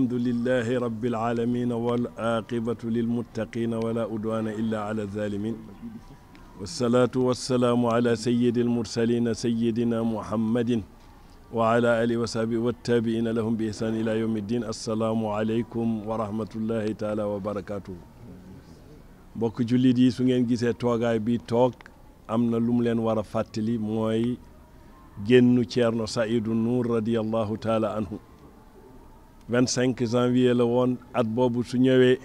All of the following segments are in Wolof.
الحمد لله رب العالمين والآقبة للمتقين ولا أدوان إلا على الظالمين والصلاة والسلام على سيد المرسلين سيدنا محمد وعلى آله وصحبه والتابعين لهم بإحسان إلى يوم الدين السلام عليكم ورحمة الله تعالى وبركاته بوك جولي دي su ngeen gisee بي bi امنا am na lu mu leen war a fàttali mooy génnu ceerno saidu nuur vingt cinq janvier la woon at boobu su ñëwee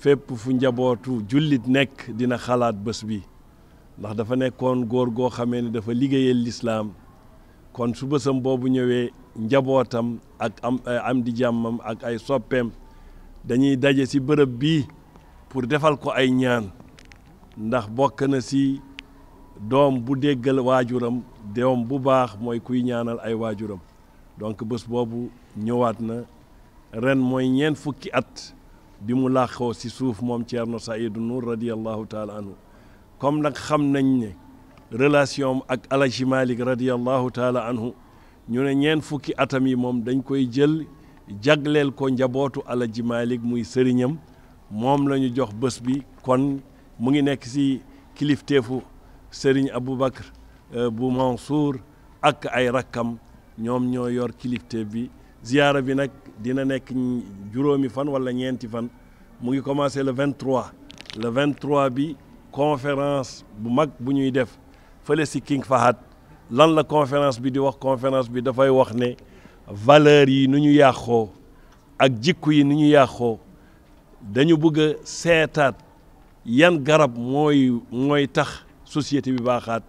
fépp fu njabootu jullit nekk dina xalaat bés bi ndax dafa nekkoon góor goo xamee ne dafa liggéeyal lislaam kon su bésam boobu ñëwee njabootam ak am eh, di jàmmam ak ay soppeem dañuy daje si bërëb bi pour defal ko ay ñaan ndax bokk na si doom bu déggal waajuram doom bu baax mooy kuy ñaanal ay waajuram donc bés boobu ñëwaat na ren mooy ñeent fukki at bi mu làqoo si suuf moom Thierno Saïdou Nour radiallahu taala anhu comme nag xam nañ ne relation ak Alaji Malick radiallahu taala anhu ñu ne ñeent fukki atam yi moom dañ koy jël jagleel ko njabootu Alaji Malick muy sëriñam moom lañu jox bës bi kon mu ngi nekk ci kilifteefu sëriñ Aboubacar euh, bu Mansour ak ay rakkam ñoom ñoo yor kilifteef bi ziyaara bi nag dina nekk juróomi fan wala ñeenti fan mu ngi commencé le 23 le 23 bi conférence bu mag bu ñuy def fële si King Fahad lan la conférence bi di wax conférence bi dafay wax ne valeurs yi nu ñu yàqoo ak jikku yi nu ñu yàqoo dañu bëgg a seetaat yan garab mooy mooy tax société bi baaxaat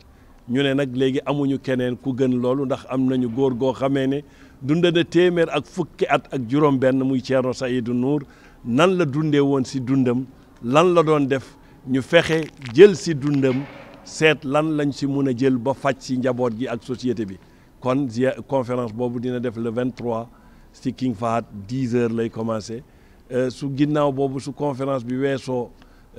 ñu ne nag léegi amuñu keneen ku gën loolu ndax am nañu góor goo xamee ne dund na téeméer ak fukki at ak juróom-benn muy Thierno Seydou Nour nan la dundee woon si dundam lan la doon def ñu fexe jël si dundam seet lan lañ si mun a jël ba faj si njaboot gi ak société bi kon conférence boobu dina def le 23 si King faat 10 heures lay commencé euh, su ginnaaw boobu su conférence bi weesoo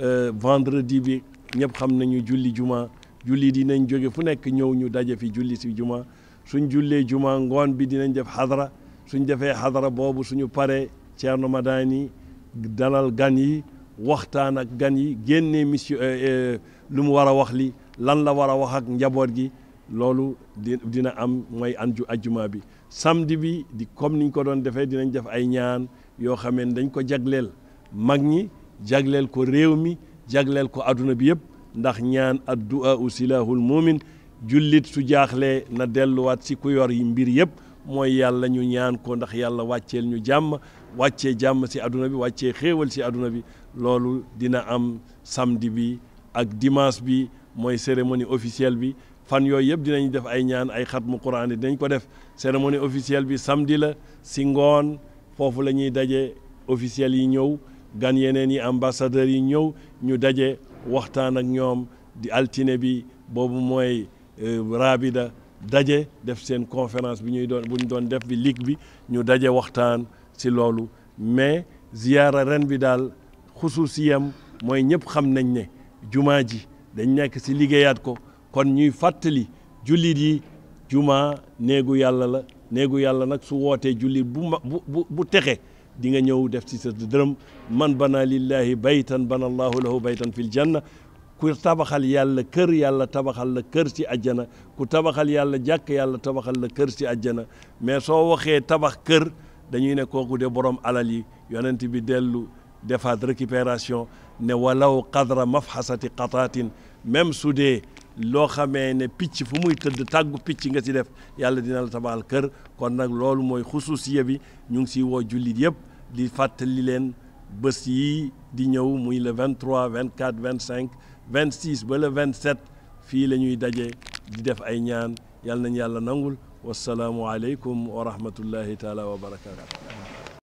euh, vendredi bi ñëpp xam nañu julli juma julli dinañ jóge fu nekk ñëw ñu daje fi julli si juma. suñ jullee juma ngoon bi dinañ def xadara suñ defee xadara boobu suñu paree Thierno Madani dalal gan yi waxtaan ak gan yi génnee mission euh, euh, lu mu war a wax li lan la war a wax ak njaboot gi loolu di dina am mooy anju ajjuma bi samedi bi di comme niñ ko doon defee dinañ def ay ñaan yoo xamee ne dañ ko jagleel mag ñi jagleel ko réew mi jagleel ko adduna bi yëpp ndax ñaan addu'a u silahul mumin jullit su jaaxlee na delluwaat si ku yor yi mbir yëpp mooy yàlla ñu ñaan ko ndax yàlla wàcceel ñu jàmm wàccee jàmm si àdduna bi wàccee xéewal si àdduna bi loolu dina am samdi bi ak dimaas bi mooy cérémonie officielle bi fan yooyu yëpp dinañ def ay ñaan ay xatmu Quraan yi dinañ ko def cérémonie officielle bi samdi la si ngoon foofu la ñuy daje officiels yi ñëw gan yeneen yi ambassadeurs yi ñëw ñu daje waxtaan ak ñoom di altine bi boobu mooy Euh, raabida daje def seen conférence bi ñuy doon bu ñu doon def bi ligue bi ñu daje waxtaan si loolu mais ziyaara ren bi daal xusuusiyam mooy ñëpp xam nañ ne jumaa ji dañ nekk si liggéeyaat ko kon ñuy fàttali jullit yi jumaa néegu yàlla la néegu yàlla nag su wootee jullit bu ma bu bu bu texe di nga ñëw def si sa dërëm man bana lillahi baytan bana allahu lahu baytan fil janna ku tabaxal yàlla kër yàlla tabaxal la kër ci àjjana ku tabaxal yàlla jàkk yàlla tabaxal la kër ci àjjana mais soo waxee tabax kër dañuy ne kooku de borom alal yi yonent bi dellu defaat récupération ne walaw qadra mafxasati qataatin même su dee loo xamee ne picc fu muy tëdd tàggu picc nga ci def yàlla dina la tabaxal kër kon nag loolu mooy xususiya bi ñu ngi siy woo jullit yëpp di fàttali leen bës yi di ñëw muy le 23 24 25 26 ba le 27 fii la ñuy daje di def ay ñaan yàlla nañ yàlla nangul wasalaamualeykum wa rahmatullahi taala wa barakatuh